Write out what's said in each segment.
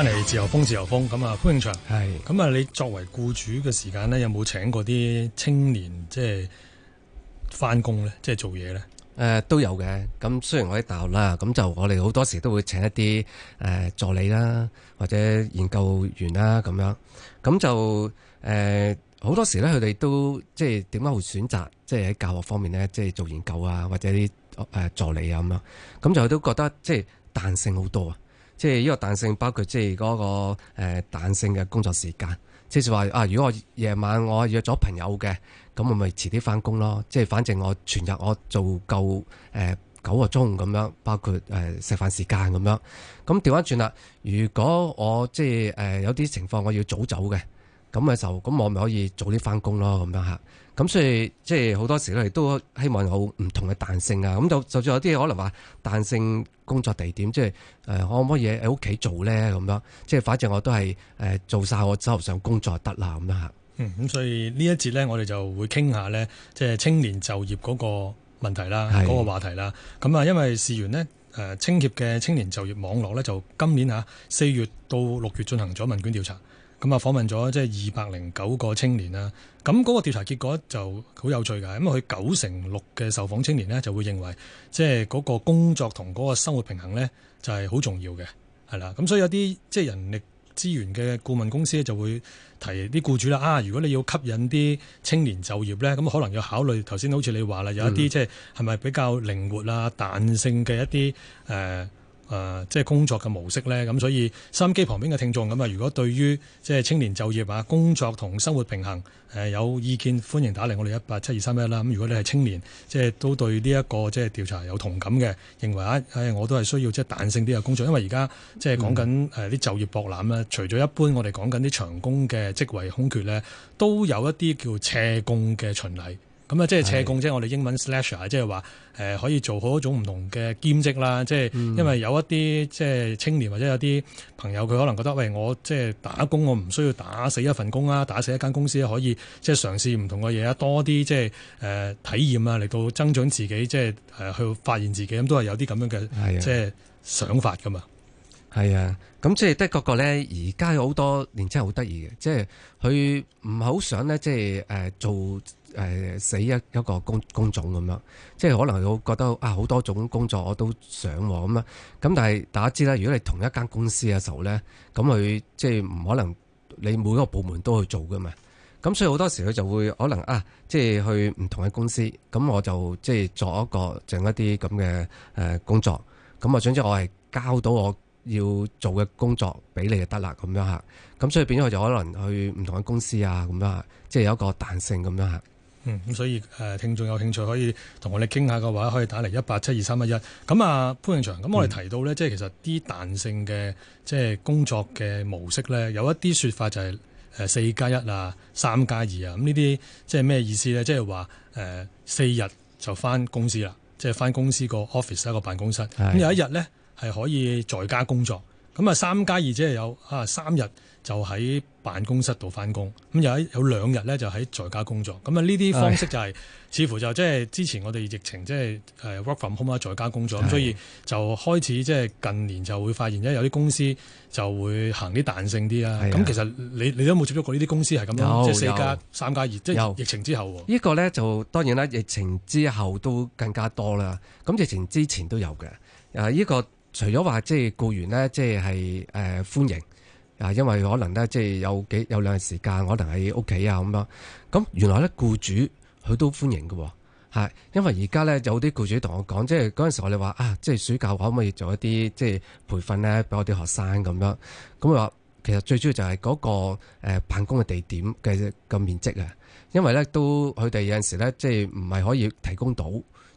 翻嚟自由風，自由風咁啊！潘永祥，係咁啊！你作為僱主嘅時間咧，有冇請過啲青年即係翻工咧，即係做嘢咧？誒、呃，都有嘅。咁雖然我喺大學啦，咁就我哋好多時都會請一啲誒、呃、助理啦，或者研究員啦咁樣。咁就誒好、呃、多時咧，佢哋都即係點解會選擇即係喺教學方面咧，即係做研究啊，或者啲誒、呃、助理啊咁樣。咁就都覺得即係彈性好多啊！即係呢個彈性，包括即係嗰個誒彈性嘅工作時間，即是話啊，如果我夜晚我約咗朋友嘅，咁我咪遲啲翻工咯。即係反正我全日我做夠誒、呃、九個鐘咁樣，包括誒、呃、食飯時間咁樣。咁調翻轉啦，如果我即係誒、呃、有啲情況我要早走嘅，咁咪就，嘅時候，咁我咪可以早啲翻工咯，咁樣吓。咁所以即係好多時咧，都希望有唔同嘅彈性啊！咁就就算有啲可能話彈性工作地點，即係誒可唔可以喺屋企做咧？咁樣即係反正我都係、呃、做晒我手上工作就得啦，咁樣嗯。咁所以呢一節咧，我哋就會傾下咧，即係青年就業嗰個問題啦，嗰、嗰個話題啦。咁啊，因為事緣呢，誒青協嘅青年就業網絡咧，就今年嚇四月到六月進行咗問卷調查。咁啊，訪問咗即係二百零九個青年啦。咁嗰個調查結果就好有趣㗎，因為佢九成六嘅受訪青年呢，就會認為，即係嗰個工作同嗰個生活平衡呢，就係好重要嘅，係啦。咁所以有啲即係人力資源嘅顧問公司咧就會提啲僱主啦，啊，如果你要吸引啲青年就業呢，咁可能要考慮頭先好似你話啦，有一啲即係係咪比較靈活啊、彈性嘅一啲誒。呃誒，即係工作嘅模式呢，咁所以收音機旁邊嘅聽眾咁啊，如果對於即係青年就業啊、工作同生活平衡誒有意見，歡迎打嚟我哋一八七二三一啦。咁如果你係青年，即係都對呢一個即係調查有同感嘅，認為啊，我都係需要即係彈性啲嘅工作，因為而家即係講緊誒啲就業博覽，除咗一般我哋講緊啲長工嘅職位空缺呢，都有一啲叫斜工嘅巡禮。咁啊，即係斜槓，即係是的 我哋英文 slasher，即係話誒，可以做好多種唔同嘅兼職啦。即係因為有一啲即係青年或者有啲朋友，佢可能覺得，喂，我即係打工，我唔需要打死一份工啊，打死一間公司，可以即係嘗試唔同嘅嘢啊，多啲即係誒體驗啊，嚟到增長自己，即係誒去發現自己咁，都係有啲咁樣嘅即係想法噶嘛。係啊，咁即係的確個咧，而家有好多年輕人好得意嘅，即係佢唔係好想咧，即係誒、呃、做。誒、呃，死一一個工工種咁樣，即係可能佢會覺得啊，好多種工作我都想。咁啊，咁但係大家知啦，如果你同一間公司嘅時候咧，咁佢即係唔可能你每個部門都會去做噶嘛，咁所以好多時佢就會可能啊，即係去唔同嘅公司，咁我就即係做一個整一啲淨一啲咁嘅誒工作，咁啊總之我係交到我要做嘅工作俾你就得啦，咁樣吓，咁所以變咗佢就可能去唔同嘅公司啊，咁樣即係有一個彈性咁樣吓。嗯，咁所以誒，聽眾有興趣可以同我哋傾下嘅話，可以打嚟一八七二三一一。咁啊，潘永祥，咁我哋提到咧、嗯，即係其實啲彈性嘅即係工作嘅模式咧，有一啲說法就係誒四加一啊、三加二啊。咁呢啲即係咩意思咧、就是呃？即係話誒四日就返公司啦，即係返公司個 office 一個辦公室。咁的有一日咧係可以在家工作。咁啊，三加二即係有啊三日。就喺辦公室度返工，咁有有兩日咧就喺在家工作。咁啊呢啲方式就係、是、唉似乎就即係之前我哋疫情即係、就是、work from home 啊在家工作，咁是所以就開始即係近年就會發現咗有啲公司就會行啲彈性啲啊。咁其實你你都冇接觸過呢啲公司係咁樣即係四家三家即係疫情之後。這個、呢個咧就當然啦，疫情之後都更加多啦。咁疫情之前都有嘅。啊，呢個除咗話即係雇員呢，即係誒歡迎。啊，因為可能咧，即係有幾有兩日時間，可能喺屋企啊咁樣。咁原來咧，雇主佢都歡迎嘅喎。因為而家咧有啲雇主同我講，即係嗰陣時我哋話啊，即係暑假可唔可以做一啲即係培訓咧，俾我啲學生咁樣。咁佢話其實最主要就係嗰個誒辦公嘅地點嘅面積啊，因為咧都佢哋有陣時咧即係唔係可以提供到。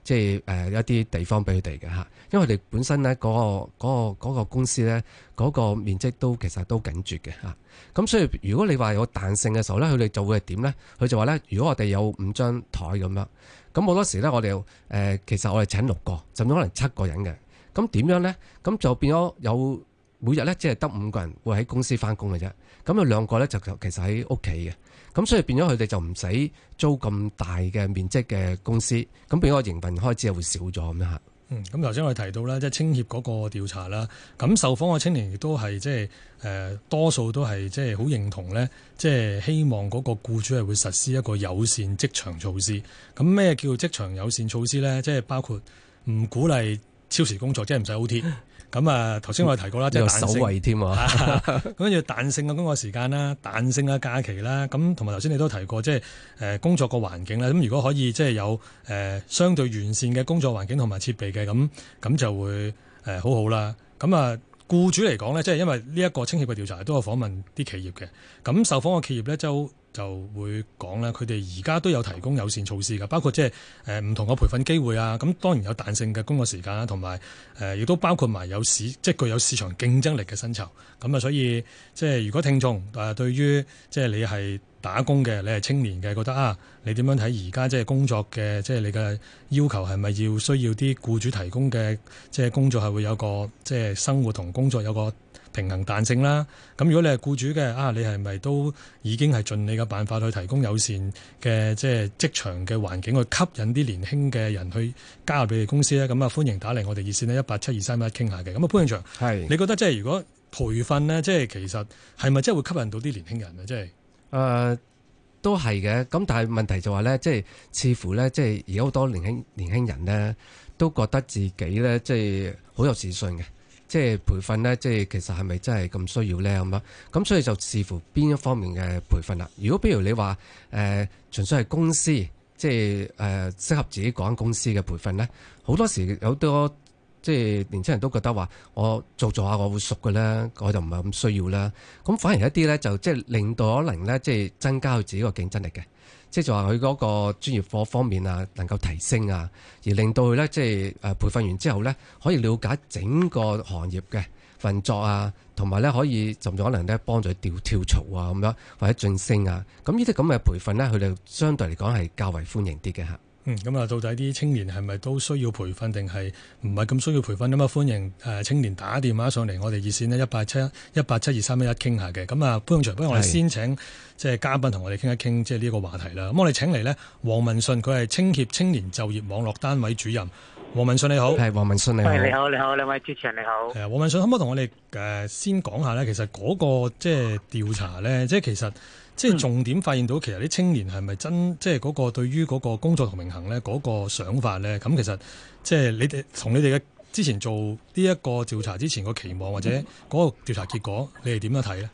即係誒一啲地方俾佢哋嘅㗎，因為佢哋本身咧、嗰個、嗰個嗰、嗰個嗰個、公司咧嗰個面積都其實都緊絀嘅㗎，咁所以如果你話有彈性嘅時候咧，佢哋就會點咧？佢就話咧，如果我哋有五張枱咁樣，咁好多時咧我哋誒、呃、其實我哋請六個，甚至可能七個人嘅，咁點樣咧？咁就變咗有。每日咧，即係得五個人會喺公司翻工嘅啫。咁有兩個咧就其實喺屋企嘅。咁所以變咗佢哋就唔使租咁大嘅面積嘅公司。咁變咗營運開支又會少咗咁樣吓。嗯，咁頭先我哋提到咧，即係青協嗰個調查啦。咁受訪嘅青年亦都係即係誒多數都係即係好認同咧，即係希望嗰個僱主係會實施一個友善職場措施。咁咩叫職場友善措施咧？即係包括唔鼓勵超時工作，即係唔使 OT。咁啊，頭先我哋提過啦，即係手位添，咁跟住彈性嘅工作時間啦， 彈性嘅假期啦，咁同埋頭先你都提過，即係工作個環境啦。咁如果可以即係有誒相對完善嘅工作環境同埋設備嘅，咁咁就會誒好好啦。咁啊，僱主嚟講咧，即係因為呢一個青協嘅調查，都有訪問啲企業嘅。咁受訪嘅企業咧就。就會講啦，佢哋而家都有提供友善措施㗎，包括即係唔同嘅培訓機會啊。咁當然有彈性嘅工作時間，同埋誒亦都包括埋有市即係具有市場競爭力嘅薪酬。咁啊，所以即係如果聽眾誒對於即係你係打工嘅，你係青年嘅，覺得啊，你點樣睇而家即係工作嘅，即係你嘅要求係咪要需要啲僱主提供嘅，即係工作係會有個即係生活同工作有個。平衡彈性啦，咁如果你係僱主嘅啊，你係咪都已經係盡你嘅辦法去提供友善嘅即係職場嘅環境去吸引啲年輕嘅人去加入你哋公司咧？咁啊歡迎打嚟我哋熱線呢，一八七二三一傾下嘅。咁啊潘長祥，是你覺得即係如果培訓呢？即係其實係咪真係會吸引到啲年輕人啊？即係、呃、都係嘅，咁但係問題就話、是、咧，即係似乎咧，即係而家好多年輕年輕人咧都覺得自己咧即係好有自信嘅。即係培訓呢，即係其實係咪真係咁需要呢？咁樣咁所以就視乎邊一方面嘅培訓啦。如果譬如你話誒、呃，純粹係公司，即係誒、呃、適合自己嗰間公司嘅培訓呢，好多時好多即係年輕人都覺得話，我做做下我會熟嘅呢，我就唔係咁需要啦。咁反而一啲呢，就即係令到可能呢，即係增加自己個競爭力嘅。即係就話佢嗰個專業課方面啊，能夠提升啊，而令到佢呢，即係誒培訓完之後呢，可以了解整個行業嘅運作啊，同埋呢，可以甚至可能呢，幫助佢跳跳槽啊咁樣，或者晉升啊。咁呢啲咁嘅培訓呢，佢哋相對嚟講係較為歡迎啲嘅嚇。嗯，咁啊，到底啲青年係咪都需要培訓，定係唔係咁需要培訓咁啊、嗯？歡迎誒青年打電話上嚟，我哋熱線呢18 7, 18 7, 1, 一八七一八七二三一一傾下嘅。咁啊，潘永祥，不如我哋先請即係嘉賓同我哋傾一傾即係呢個話題啦。咁是我哋請嚟呢，黃民信，佢係青協青年就業網絡單位主任。黃民信你好，係黃民信你好，餵你好你好，兩位主持人你好。誒，黃民信可唔可以同我哋誒、呃、先講下呢其實嗰、那個即係調查呢即係其實。即係重點發現到，其實啲青年係咪真即係、就是、個對於個工作同平衡咧個想法咧？咁其實即係你哋同你哋嘅之前做呢一個調查之前個期望或者嗰調查結果，你哋點樣睇咧？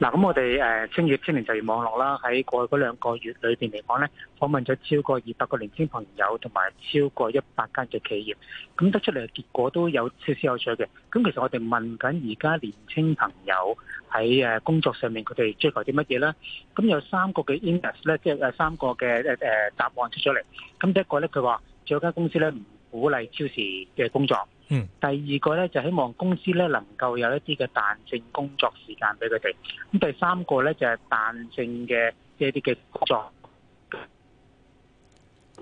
嗱，咁我哋誒青協青年就業網絡啦，喺過去嗰兩個月裏邊嚟講咧，訪問咗超過二百個年輕朋友同埋超過一百間嘅企業，咁得出嚟嘅結果都有少少有趣嘅。咁其實我哋問緊而家年輕朋友喺工作上面佢哋追求啲乜嘢咧？咁有三個嘅 index 咧，即係誒三個嘅答案出咗嚟。咁第一個咧，佢話有間公司咧唔鼓勵超時嘅工作。嗯、第二個咧就是、希望公司咧能夠有一啲嘅彈性工作時間俾佢哋，咁第三個咧就係、是、彈性嘅即係一啲嘅工作，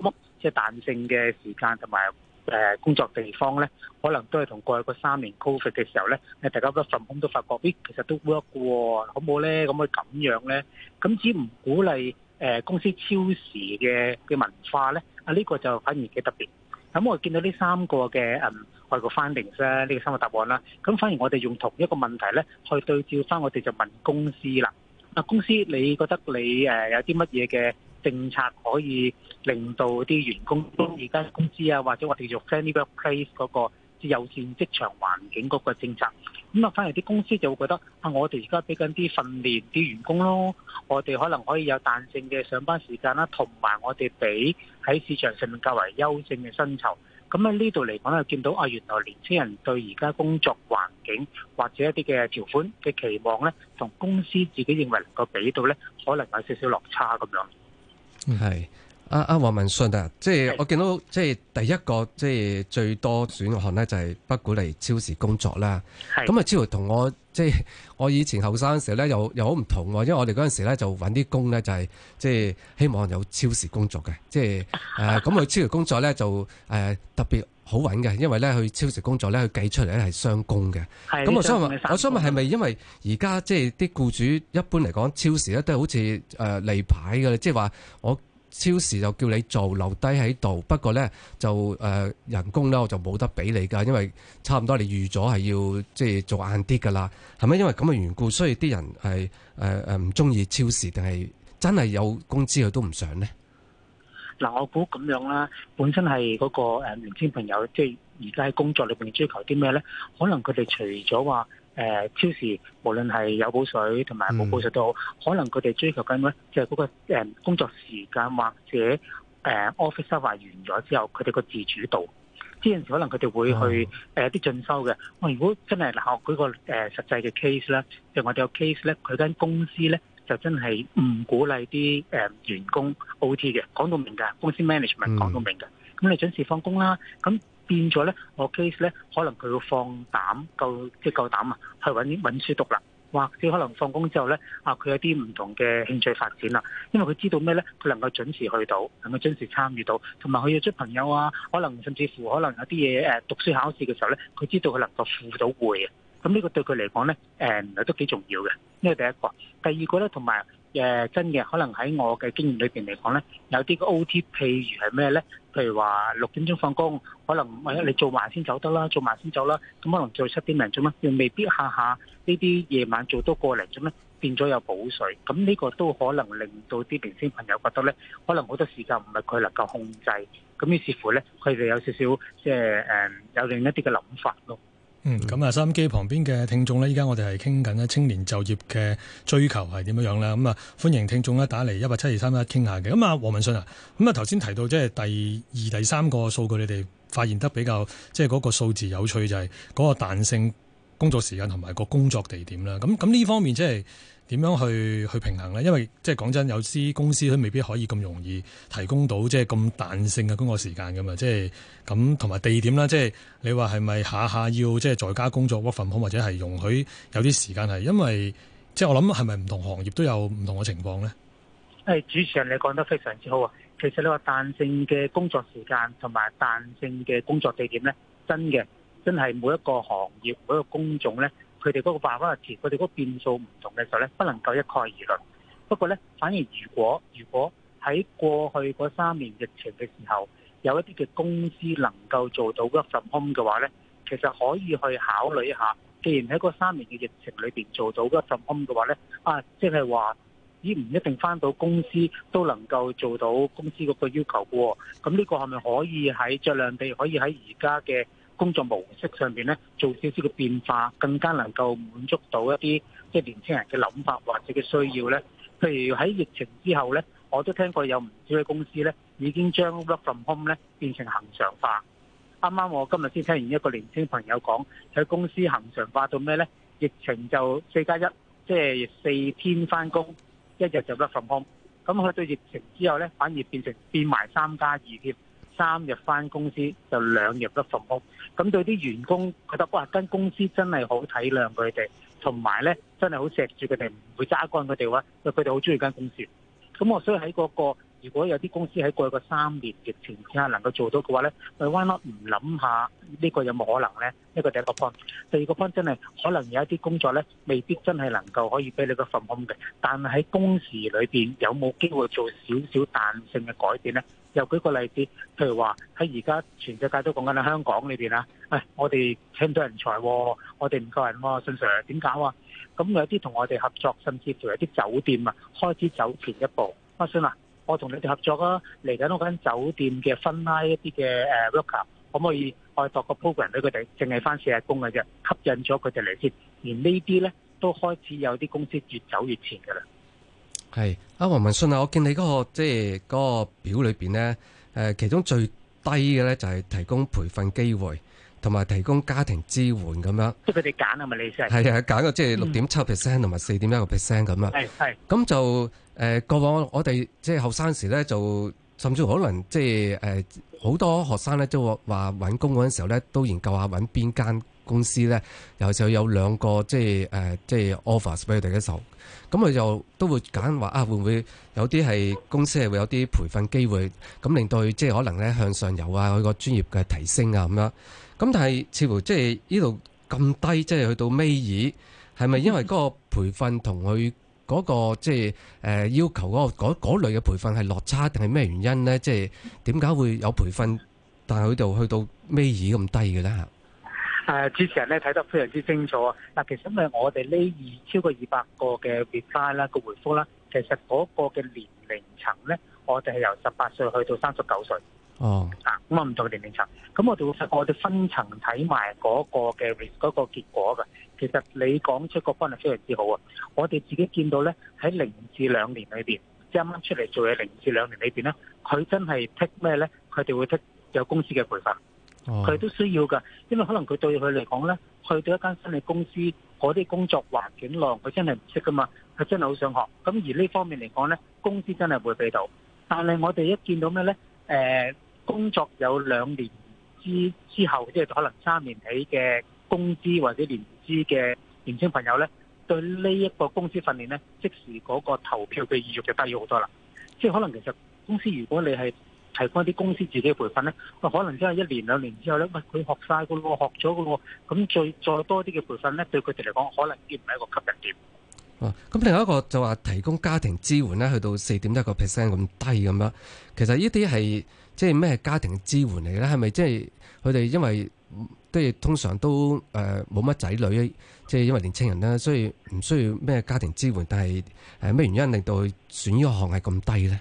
咁即係彈性嘅時間同埋誒工作地方咧，可能都係同過去個三年 Covid 嘅時候咧，誒大家個份工都發覺，咦其實都 work 好唔好咧？咁去咁樣咧，咁只唔鼓勵誒、呃、公司超時嘅嘅文化咧，啊呢、這個就反而幾特別。咁我見到呢三個嘅誒外國 findings 咧，呢個三個答案啦。咁反而我哋用同一個問題咧，去對照翻，我哋就問公司啦。啊，公司你覺得你誒有啲乜嘢嘅政策可以令到啲員工而家公司啊，或者我哋叫 friendly workplace 嗰個友善職場環境嗰個政策？咁反而，啲公司就會覺得啊，我哋而家俾緊啲訓練啲員工咯，我哋可能可以有彈性嘅上班時間啦，同埋我哋俾喺市場上面較為優勝嘅薪酬。咁喺呢度嚟講咧，見到啊，原來年輕人對而家工作環境或者一啲嘅條款嘅期望呢，同公司自己認為能夠俾到呢，可能有少少落差咁樣。係。阿阿黃民信啊，啊文即係我見到，即係第一個，即係最多選項咧，就係不鼓勵超時工作啦。咁啊的，超時同我即係我以前後生嘅時咧，又又好唔同喎，因為我哋嗰陣時咧就揾啲工咧就係、是、即係希望有超時工作嘅，即係咁佢超時工作咧就誒、呃、特別好揾嘅，因為咧去超時工作咧佢計出嚟咧係雙工嘅，咁的我想問，我想問係咪因為而家即係啲僱主一般嚟講超時咧都係好似誒例牌嘅，即係話我。超時就叫你做留低喺度，不過咧就誒、呃、人工咧我就冇得俾你噶，因為差唔多你預咗係要即係做晏啲噶啦，係咪因為咁嘅緣故，所以啲人係誒誒唔中意超時，定係真係有工資佢都唔想咧？嗱、呃，我估咁樣啦，本身係嗰個年輕朋友，即係而家喺工作裏邊追求啲咩咧？可能佢哋除咗話。誒、呃、超時，無論係有補水同埋冇補水都好，嗯、可能佢哋追求緊咧，就係、是、嗰個工作時間或者誒、呃、office hour 完咗之後，佢哋個自主度，呢陣時可能佢哋會去誒啲、嗯呃、進修嘅。我如果真係嗱、那個，舉個誒實際嘅 case 咧，就我哋有 case 咧，佢間公司咧就真係唔鼓勵啲誒員工 OT 嘅，講到明㗎，公司 management 講到明㗎，咁、嗯、你準時放工啦，咁。變咗咧，我 case 咧，可能佢會放膽夠即係夠膽啊，去搵揾書讀啦，或者可能放工之後咧，啊佢有啲唔同嘅興趣發展啦，因為佢知道咩咧，佢能夠準時去到，能夠準時參與到，同埋佢要出朋友啊，可能甚至乎可能有啲嘢誒讀書考試嘅時候咧，佢知道佢能夠赴到會，咁呢個對佢嚟講咧，誒都幾重要嘅，呢個第一個，第二個咧同埋，誒真嘅，可能喺我嘅經驗裏邊嚟講咧，有啲個 OT，譬如係咩咧？譬如話六點鐘放工，可能或者你做埋先走得啦，做埋先走啦，咁可能做七點零鐘咧，又未必下下呢啲夜晚做到過鐘咧，變咗有補水，咁呢個都可能令到啲明星朋友覺得咧，可能好多時間唔係佢能夠控制，咁於是乎咧，佢哋有少少即係誒有另一啲嘅諗法咯。嗯，咁啊，收音機旁邊嘅聽眾呢，依家我哋係傾緊青年就業嘅追求係點樣樣啦，咁啊歡迎聽眾呢打嚟一八七二三一傾下嘅，咁、嗯、啊，黃民信啊，咁啊頭先提到即係第二、第三個數據，你哋發現得比較即係嗰個數字有趣，就係嗰個彈性工作時間同埋個工作地點啦，咁咁呢方面即係。點樣去去平衡呢？因為即係講真，有啲公司都未必可以咁容易提供到即係咁彈性嘅工作時間㗎嘛。即係咁同埋地點啦。即係你話係咪下下要即係在家工作，work from home，或者係容許有啲時間係？因為即係我諗係咪唔同行業都有唔同嘅情況呢？係，主持人，你講得非常之好啊！其實呢個彈性嘅工作時間同埋彈性嘅工作地點呢，真嘅真係每一個行業每一個工種呢。佢哋嗰個環境嘅前提，佢哋嗰變數唔同嘅時候咧，不能夠一概而論。不過咧，反而如果如果喺過去嗰三年疫情嘅時候，有一啲嘅公司能夠做到一份工嘅話咧，其實可以去考慮一下。既然喺嗰三年嘅疫情裏邊做到一份工嘅話咧，啊，即係話咦，唔一定返到公司都能夠做到公司嗰個要求嘅喎、哦。咁呢個係咪可以喺著量地可以喺而家嘅？工作模式上面咧，做少少嘅變化，更加能夠滿足到一啲即係年輕人嘅諗法或者嘅需要咧。譬如喺疫情之後咧，我都聽過有唔少嘅公司咧，已經將 work from home 咧，變成恆常化。啱啱我今日先聽完一個年青朋友講，喺公司恆常化到咩咧？疫情就四加一，即係四天翻工，一日就 work from home。咁去到疫情之後咧，反而變成變埋三加二添。三日返公司就兩日都馴工，咁對啲員工覺得哇，間公司真係好體諒佢哋，同埋咧真係好錫住佢哋，唔會揸乾佢哋話，因為佢哋好中意間公司。咁我所以喺嗰、嗰個如果有啲公司喺過去個三年疫情之下能夠做到嘅話咧，我 o n 唔諗下呢個有冇可能咧？呢、呢個第一個方，第二個方真係可能有一啲工作咧未必真係能夠可以俾你個份工嘅，但係喺工時裏面，有冇機會做少少彈性嘅改變咧？又舉個例子，譬如話喺而家全世界都講緊喺香港裏面啊，唉，我哋請唔到人才，我哋唔夠人喎信 i r 點搞啊？咁有啲同我哋合作，甚至乎有啲酒店啊，開始走前一步。阿算 i 啊，我同你哋合作啊，嚟緊我講酒店嘅分拉一啲嘅 worker，可唔可以外託個 program 俾佢哋，淨係翻四日工嘅啫，吸引咗佢哋嚟先。而呢啲咧都開始有啲公司越走越前噶啦。係阿黃民信啊，我見你嗰、那個即係嗰個表裏邊呢，誒，其中最低嘅呢就係提供培訓機會，同埋提供家庭支援咁樣。即係佢哋揀係咪你先？係啊，揀個即係六點七 percent 同埋四點一個 percent 咁啊。係咁就誒過往我哋即係後生時呢，就，是，就甚至可能即係誒好多學生咧都話搵工嗰陣時候呢，都研究下搵邊間公司呢。有時候有兩個即係、就、即、是、係、就是、offers 俾佢哋嘅時候。咁佢就都會揀話啊，會唔會有啲係公司係會有啲培訓機會，咁令到佢即係可能咧向上游啊，佢個專業嘅提升啊咁樣。咁但係似乎即係呢度咁低，即係去到尾二，係咪因為嗰個培訓同佢嗰個即係、呃、要求嗰、嗰個類嘅培訓係落差，定係咩原因咧？即係點解會有培訓，但係佢就去到尾二咁低嘅咧？誒主持人咧睇得非常之清楚啊！嗱，其實因為我哋呢二超過二百個嘅 respond 啦個回覆啦，其實嗰個嘅年齡層咧，我哋係由十八歲去到三十九歲。哦，咁啊唔同嘅年齡層，咁我哋會我哋分層睇埋嗰個嘅嗰個結果㗎。其實你講出個分析非常之好啊！我哋自己見到咧，喺零至兩年裏面，即啱啱出嚟做嘢零至兩年裏面咧，佢真係 take 咩咧？佢哋會 take 有公司嘅培訓。佢、哦、都需要㗎，因為可能佢對佢嚟講呢，去到一間新嘅公司，嗰啲工作環境咯，佢真係唔識㗎嘛，佢真係好想學。咁而呢方面嚟講呢，工資真係會俾到。但係我哋一見到咩呢？誒、呃，工作有兩年之之後，即、就、係、是、可能三年起嘅工資或者年資嘅年青朋友呢，對呢一個公司訓練呢，即時嗰個投票嘅意欲就低咗好多啦。即係可能其實公司如果你係，提供一啲公司自己嘅培訓咧，哇！可能真係一年兩年之後咧，哇！佢學曬嘅喎，學咗嘅喎，咁再再多啲嘅培訓咧，對佢哋嚟講，可能亦唔係一個吸引點。啊，咁另外一個就話提供家庭支援咧，去到四點一個 percent 咁低咁樣，其實呢啲係即係咩家庭支援嚟嘅咧？係咪即係佢哋因為即係通常都誒冇乜仔女，即係因為年青人啦，所以唔需要咩家庭支援。但係係咩原因令到佢選呢個行業咁低咧？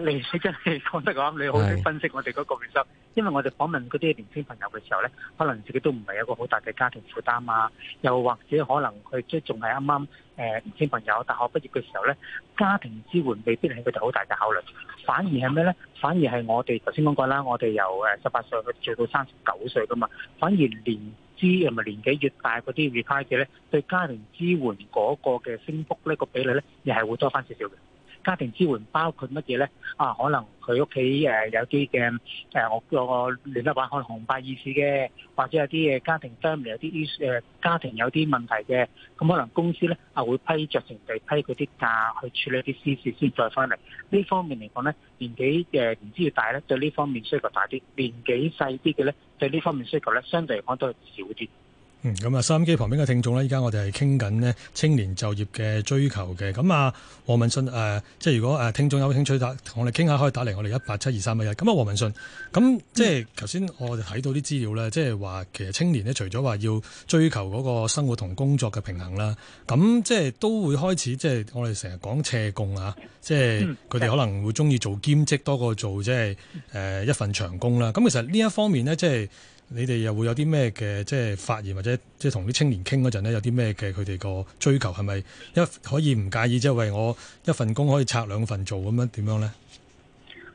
你真係講得啱，你好識分析我哋嗰個面相。是因為我哋訪問嗰啲年輕朋友嘅時候咧，可能自己都唔係有個好大嘅家庭負擔啊，又或者可能佢即仲係啱啱誒年輕朋友，大學畢業嘅時候咧，家庭支援未必係佢哋好大嘅考慮，反而係咩咧？反而係我哋頭先講過啦，我哋由誒十八歲去做到三十九歲噶嘛，反而年資同埋年紀越大嗰啲 repay 者咧，對家庭支援嗰個嘅升幅呢個比例咧，又係會多翻少少嘅。家庭支援包括乜嘢咧？啊，可能佢屋企誒有啲嘅誒，我有個亂七八可能紅白意思嘅，或者有啲嘅家庭 family、erm、有啲誒、啊、家庭有啲問題嘅，咁可能公司咧啊會批酌情地批嗰啲假去處理啲私事先再翻嚟。呢方面嚟講咧，年紀嘅年資越大咧，對呢方面需求大啲；年紀細啲嘅咧，對呢方面需求咧，相對嚟講都係少啲。嗯，咁啊，收音機旁邊嘅聽眾呢，依家我哋係傾緊呢青年就業嘅追求嘅。咁啊，黃民信誒、呃，即係如果誒聽眾有興趣打我哋傾下，可以打嚟我哋一八七二三一一。咁啊，黃民信，咁即係頭先我哋睇到啲資料咧，即係話其實青年咧，除咗話要追求嗰個生活同工作嘅平衡啦，咁即係都會開始即係我哋成日講斜槓啊，即係佢哋可能會中意做兼職多過做即係誒一份長工啦。咁其實呢一方面呢，即係。你哋又會有啲咩嘅即係發言或者即係同啲青年傾嗰陣咧，有啲咩嘅佢哋個追求係咪一可以唔介意即係為我一份工可以拆兩份做咁樣點樣呢？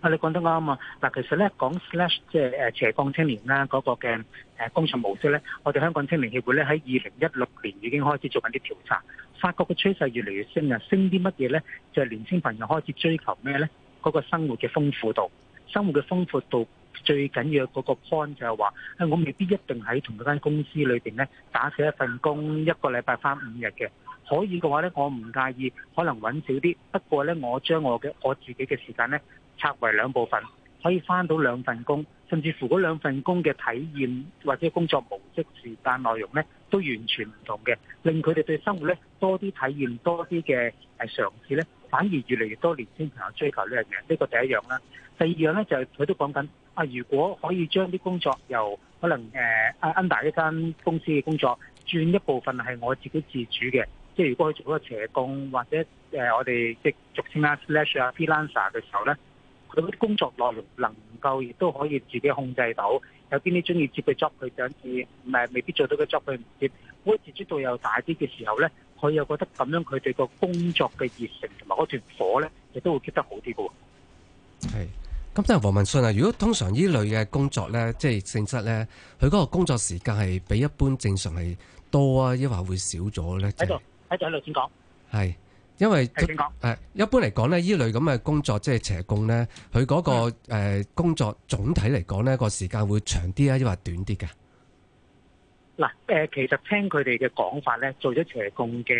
啊，你講得啱啊！嗱，其實咧講 slash 即係誒斜槓青年啦，嗰個嘅誒工作模式咧，我哋香港青年協會咧喺二零一六年已經開始做緊啲調查，發覺嘅趨勢越嚟越升啊！升啲乜嘢咧？就係年輕朋友開始追求咩咧？嗰個生活嘅豐富度，生活嘅豐富度。最緊要嗰個 point 就係話，我未必一定喺同一間公司裏面咧打死一份工一個禮拜翻五日嘅，可以嘅話咧，我唔介意可能揾少啲，不過咧，我將我嘅我自己嘅時間咧拆為兩部分，可以翻到兩份工，甚至乎嗰兩份工嘅體驗或者工作模式、時間內容咧都完全唔同嘅，令佢哋對生活咧多啲體驗、多啲嘅係嘗試咧，反而越嚟越多年輕朋友追求呢樣嘢，呢個第一樣啦。第二樣咧就係佢都講緊。啊！如果可以將啲工作由可能誒、呃、under 一間公司嘅工作轉一部分係我自己自主嘅，即係如果佢做一個斜工或者誒、呃、我哋即係俗稱啊、slash 啊、freelancer 嘅時候咧，佢嗰啲工作內容能夠亦都可以自己控制到，有邊啲中意接佢 job 佢想接，唔係未必做到佢 job 佢唔接，嗰個自主度又大啲嘅時候咧，佢又覺得咁樣佢對個工作嘅熱誠同埋嗰團火咧，亦都會 keep 得好啲嘅喎。係。咁即係黃民信啊！如果通常呢類嘅工作咧，即係性質咧，佢嗰個工作時間係比一般正常係多啊，抑或會少咗咧？喺度，喺度，喺度，先講。係，因為誒，說一般嚟講咧，呢類咁嘅工作即係斜工咧，佢嗰個誒工作總體嚟講咧，個時間會長啲啊，抑或短啲嘅？嗱，誒，其實聽佢哋嘅講法咧，做咗斜工嘅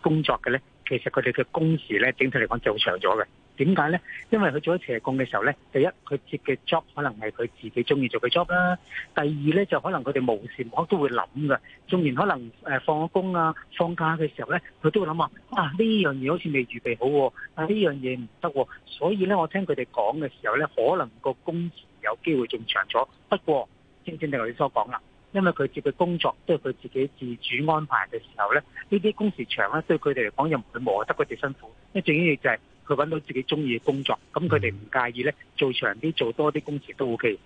工作嘅咧，其實佢哋嘅工時咧，整體嚟講就長咗嘅。點解咧？因為佢做咗斜工嘅時候咧，第一佢接嘅 job 可能係佢自己中意做嘅 job 啦。第二咧，就可能佢哋無時無刻都會諗噶縱然可能誒放咗工啊、放假嘅時候咧，佢都會諗話啊、啊呢樣嘢好似未預備好啊，呢樣嘢唔得。所以咧，我聽佢哋講嘅時候咧，可能個工時有機會仲長咗。不過正正正如你所講啦，因為佢接嘅工作都係佢自己自主安排嘅時候咧，呢啲工時長咧，對佢哋嚟講又唔會磨得佢哋辛苦。因為最緊要就係。佢揾到自己中意嘅工作，咁佢哋唔介意咧，做長啲，做多啲工時都 OK。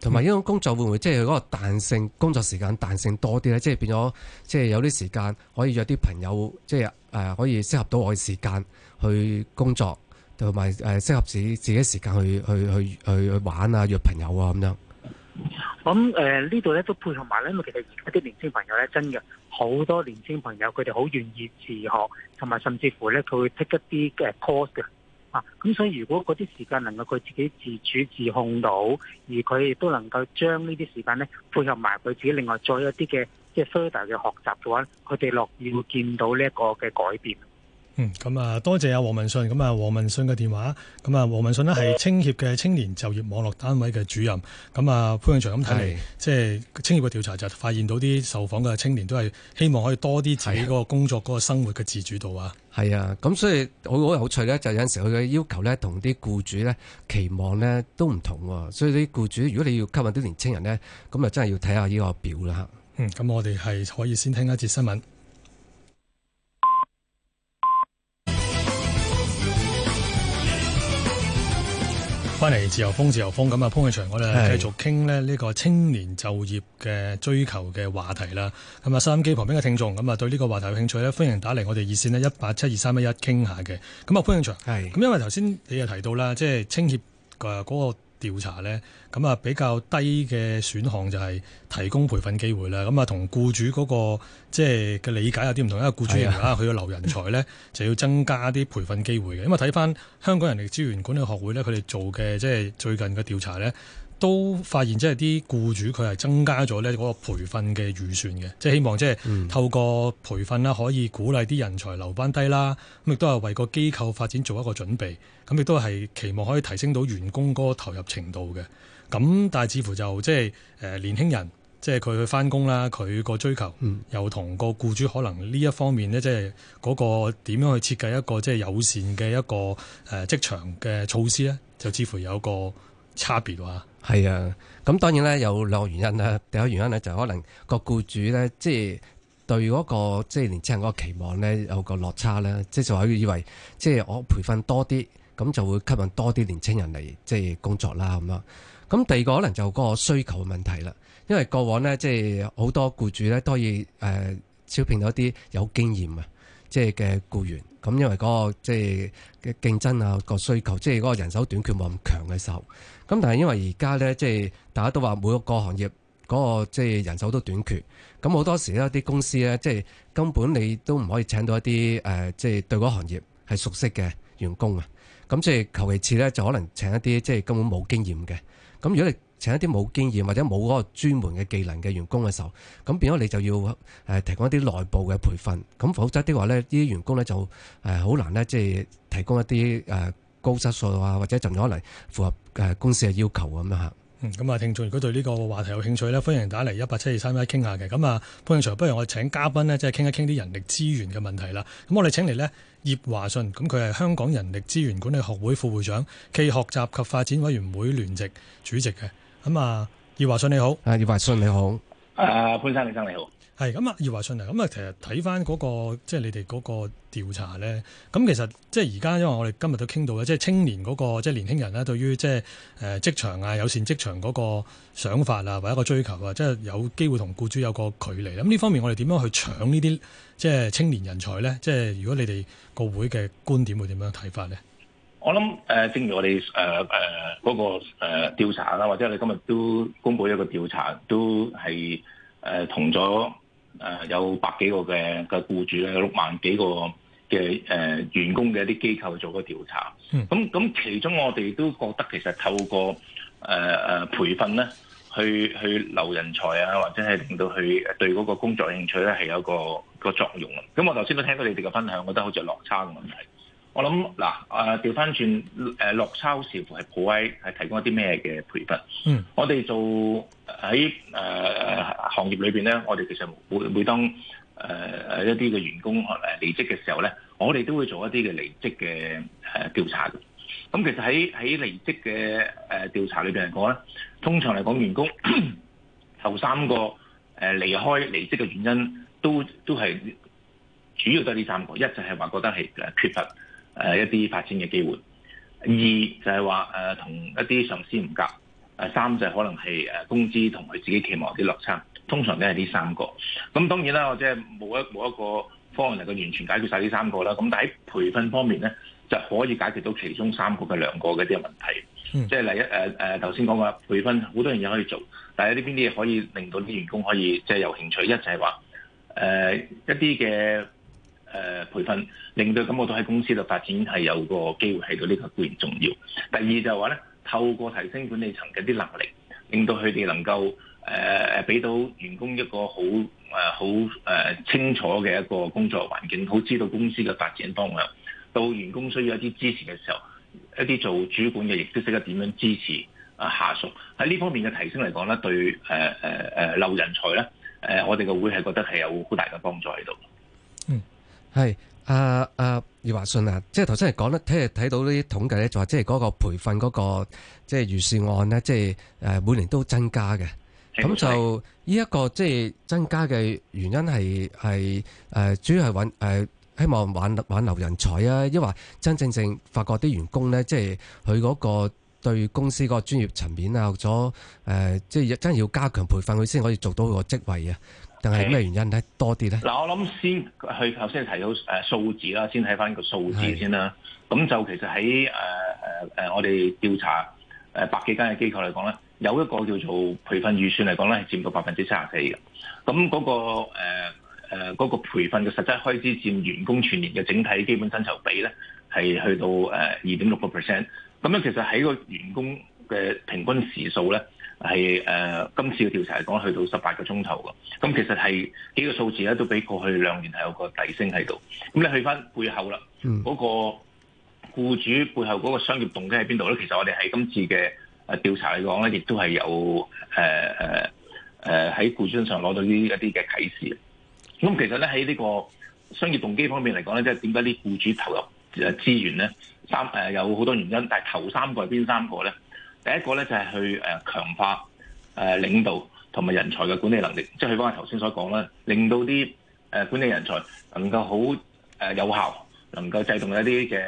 同埋呢種工作會唔會即係嗰個彈性工作時間彈性多啲咧？即係變咗，即係有啲時間可以約啲朋友，即係誒，可以適合到我嘅時間去工作，同埋誒，適合自自己時間去去去去去玩啊，約朋友啊咁樣。咁誒、嗯呃、呢度咧都配合埋咧，因為其實而家啲年輕朋友咧，真嘅好多年輕朋友佢哋好願意自學，同埋甚至乎咧佢會 take 一啲嘅 course 嘅啊，咁、嗯、所以如果嗰啲時間能夠佢自己自主自控到，而佢亦都能夠將呢啲時間咧配合埋佢自己另外再一啲嘅即係 further 嘅學習嘅話呢，佢哋樂意會見到呢一個嘅改變。嗯，咁啊，多謝阿黃民信，咁啊，黃民信嘅電話，咁啊，黃民信呢係青協嘅青年就業網絡單位嘅主任，咁啊，潘永祥咁睇即係青協嘅調查就發現到啲受訪嘅青年都係希望可以多啲自己嗰個工作嗰個的生活嘅自主度啊，係啊，咁所以好有趣咧，就有陣時佢嘅要求咧同啲僱主咧期望呢都唔同，所以啲僱主如果你要吸引啲年青人呢，咁啊真係要睇下呢個表啦。嗯，咁我哋係可以先聽一節新聞。翻嚟自由風，自由風咁啊！潘永祥，我哋繼續傾咧，呢個青年就業嘅追求嘅話題啦。咁啊的，收音機旁邊嘅聽眾，咁啊對呢個話題有興趣咧，歡迎打嚟我哋熱線呢一八七二三一一傾下嘅。咁、嗯、啊，潘永祥，係咁，的因為頭先你又提到啦，即係青協誒嗰個。調查呢，咁啊比較低嘅選項就係提供培訓機會啦。咁啊，同僱主嗰個即係嘅理解有啲唔同，因為僱主認為啊，佢要留人才呢，就要增加啲培訓機會嘅。因為睇返香港人力資源管理學會呢，佢哋做嘅即係最近嘅調查呢。都發現即係啲僱主佢係增加咗呢個培訓嘅預算嘅，即係希望即係透過培訓啦，可以鼓勵啲人才留班低啦。咁亦都係為個機構發展做一個準備。咁亦都係期望可以提升到員工嗰個投入程度嘅。咁但係似乎就即係年輕人，即係佢去翻工啦，佢個追求又同個僱主可能呢一方面呢，即係嗰個點樣去設計一個即係友善嘅一個誒職場嘅措施呢，就似乎有個差別話。係啊，咁當然咧有兩個原因啦。第一個原因咧就可能個僱主咧，即係對嗰個即係年青人嗰個期望咧有個落差啦。即係就可以以為即係我培訓多啲，咁就會吸引多啲年青人嚟即係工作啦咁樣。咁第二個可能就嗰個需求問題啦。因為過往呢，即係好多僱主咧都可以誒招聘到啲有經驗啊，即係嘅僱員。咁因為嗰個即係嘅競爭啊個需求，即係嗰個人手短缺冇咁強嘅時候。咁但係因為而家呢，即係大家都話每個行業嗰個即係人手都短缺。咁好多時呢啲公司呢，即係根本你都唔可以請到一啲即係對嗰行業係熟悉嘅員工啊。咁即係求其次呢，就可能請一啲即係根本冇經驗嘅。咁如果你請一啲冇經驗或者冇嗰個專門嘅技能嘅員工嘅時候，咁變咗你就要誒提供一啲內部嘅培訓。咁否則的話呢，啲員工呢，就誒好難呢，即係提供一啲誒高質素啊，或者儘咗嚟符合誒公司嘅要求咁樣。嗯，咁啊，聽眾如果對呢個話題有興趣咧，歡迎打嚟一八七二三一傾下嘅。咁啊，潘永才，不如我哋請嘉賓呢，即係傾一傾啲人力資源嘅問題啦。咁我哋請嚟呢葉華信，咁佢係香港人力資源管理學會副會長，暨學習及發展委員會聯席主席嘅。咁啊，葉華信你好，啊葉華信你好，誒潘生生你好。係咁啊，葉華信啊，咁啊，其實睇翻嗰個即係你哋嗰個調查咧，咁其實即係而家因為我哋今日都傾到嘅，即係青年嗰、那個即係年輕人咧，對於即係誒職場啊、友善職場嗰個想法啊，或者一個追求啊，即係有機會同僱主有個距離。咁呢方面我哋點樣去搶呢啲即係青年人才咧？即係如果你哋個會嘅觀點會點樣睇法咧？我諗誒、呃，正如我哋誒嗰個誒、呃、調查啦，或者我哋今日都公布一個調查，都係誒、呃、同咗。誒有百幾個嘅嘅僱主咧，有六萬幾個嘅誒員工嘅一啲機構做個調查，咁咁其中我哋都覺得其實透過誒誒、呃、培訓咧，去去留人才啊，或者係令到佢對嗰個工作興趣咧係有個、個作用啊。咁我頭先都聽到你哋嘅分享，我覺得好似落差嘅問題我諗嗱，啊掉返轉，落抄時乎係普威係提供一啲咩嘅培訓？嗯，我哋做喺、呃、行業裏面咧，我哋其實每每當、呃、一啲嘅員工離職嘅時候咧，我哋都會做一啲嘅離職嘅、呃、調查嘅。咁其實喺喺離職嘅、呃、調查裏面嚟講咧，通常嚟講員工頭 三個離開離職嘅原因都都係主要都係呢三個，一就係話覺得係缺乏。誒、呃、一啲發展嘅機會，二就係話誒同一啲上司唔夾，誒三就可能係誒工資同佢自己期望有啲落差，通常都係呢三個。咁當然啦，我即係冇一冇一個方案能夠完全解決晒呢三個啦。咁但喺培訓方面咧，就可以解決到其中三個嘅兩個嘅啲問題。即係、嗯、例一誒誒頭先講話培訓，好多樣嘢可以做，但係呢邊啲嘢可以令到啲員工可以即係、就是、有興趣。一就係話誒一啲嘅。誒、呃、培訓，令到咁我都喺公司度發展係有個機會喺度，呢個固然重要。第二就係話咧，透過提升管理層嘅啲能力，令到佢哋能夠誒俾、呃、到員工一個好誒好誒清楚嘅一個工作環境，好知道公司嘅發展方向。到員工需要一啲支持嘅時候，一啲做主管嘅亦都識得點樣支持啊下屬。喺呢方面嘅提升嚟講咧，對誒誒誒留人才咧、呃，我哋嘅會係覺得係有好大嘅幫助喺度。係，阿阿葉華信啊，即係頭先係講咧，睇睇到呢啲統計咧，就話即係嗰個培訓嗰個，即係預算案咧，即係誒每年都增加嘅。咁就呢一個即係增加嘅原因係係誒主要係穩誒希望挽挽留人才啊，或者真正正發覺啲員工咧，即係佢嗰個對公司嗰個專業層面啊，咗誒即係真係要加強培訓，佢先可以做到佢個職位啊。定係咩原因咧？多啲咧？嗱、嗯，我諗先，佢頭先提到誒、呃、數字啦，先睇翻個數字先啦。咁的就其實喺誒誒誒，我哋調查誒、呃、百幾間嘅機構嚟講咧，有一個叫做培訓預算嚟講咧，係佔到百分之七十四嘅。咁嗰、那個誒誒、呃那個、培訓嘅實際開支佔員工全年嘅整體基本薪酬比咧，係去到誒二點六個 percent。咁、呃、咧，其實喺個員工嘅平均時數咧。係誒、呃，今次嘅調查嚟講去到十八個鐘頭嘅，咁、嗯、其實係幾個數字咧都比過去兩年係有個提升喺度。咁、嗯、你去翻背後啦，嗰、嗰個僱主背後嗰個商業動機喺邊度咧？其實我哋喺今次嘅調查嚟講咧，亦都係有誒誒誒喺僱主身上攞到呢一啲嘅啟示。咁、嗯、其實咧喺呢在這個商業動機方面嚟講咧，即係點解啲僱主投入誒資源咧？三誒、呃、有好多原因，但係頭三個係邊三個咧？第一個咧就係去誒強化誒領導同埋人才嘅管理能力，即係佢翻我頭先所講啦，令到啲管理人才能夠好有效，能夠制定一啲嘅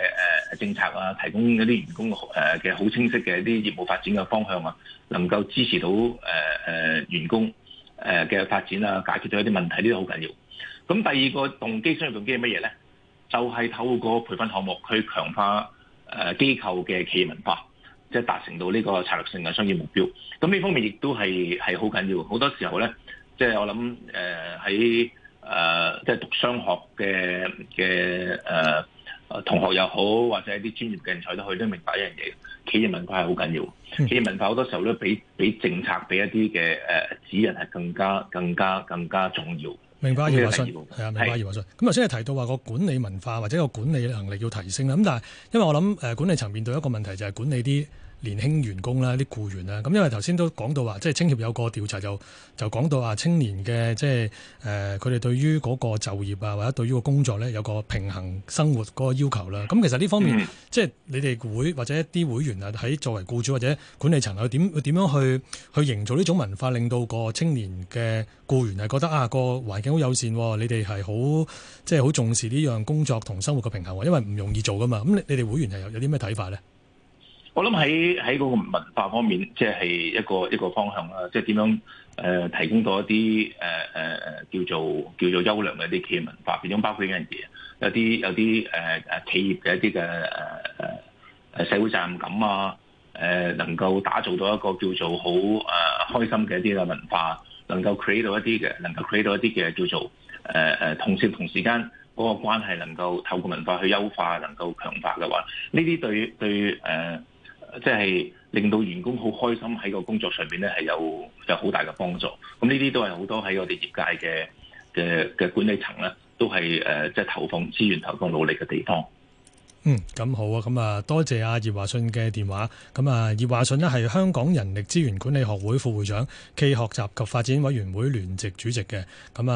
政策啊，提供一啲員工嘅嘅好清晰嘅一啲業務發展嘅方向啊，能夠支持到誒誒員工嘅發展啊，解決到一啲問題，呢啲好緊要。咁第二個動機，商業動機係乜嘢咧？就係、是、透過培訓項目去強化誒機構嘅企業文化。即係達成到呢個策略性嘅商業目標，咁呢方面亦都係係好緊要。好多時候咧，即係我諗誒喺誒即係讀商學嘅嘅誒同學又好，或者一啲專業嘅人才都去都明白一樣嘢，企業文化係好緊要。嗯、企業文化好多時候咧，比比政策比一啲嘅誒指引係更加更加更加重要。明白葉華信，係啊，明白葉華信。咁頭先係提到話個管理文化或者個管理能力要提升啦。咁但係因為我諗誒管理層面對一個問題就係管理啲年輕員工啦，啲僱員啊，咁因為頭先都講到話，即係青協有個調查就就講到啊青年嘅即係誒，佢、呃、哋對於嗰個就業啊，或者對於個工作咧，有個平衡生活嗰個要求啦。咁其實呢方面，嗯、即係你哋會或者一啲會員啊，喺作為僱主或者管理層啊，點點樣，樣去去營造呢種文化，令到個青年嘅僱員係覺得啊，個環境好友善，你哋係好即係好重視呢樣工作同生活嘅平衡，因為唔容易做噶嘛。咁你你哋會員係有有啲咩睇法咧？我諗喺喺嗰個文化方面，即、就、係、是、一個一個方向啦。即係點樣誒、呃、提供到一啲誒誒叫做叫做優良嘅一啲企業文化，其中包括幾樣嘢，有啲有啲誒誒企業嘅一啲嘅誒誒社會責任感啊，誒、呃、能夠打造到一個叫做好誒開心嘅一啲嘅文化，能夠 create 到一啲嘅，能夠 create 到一啲嘅叫做誒誒、呃、同事同時間嗰個關係能夠透過文化去優化，能夠強化嘅話，呢啲對對誒。呃即係令到員工好開心喺個工作上面咧，係有有好大嘅幫助。咁呢啲都係好多喺我哋業界嘅嘅嘅管理層咧，都係誒即係投放資源、投放努力嘅地方。嗯，咁好啊，咁啊多謝阿葉華信嘅電話，咁啊，葉華信咧係香港人力資源管理學會副會長暨學習及發展委員會聯席主席嘅。咁啊。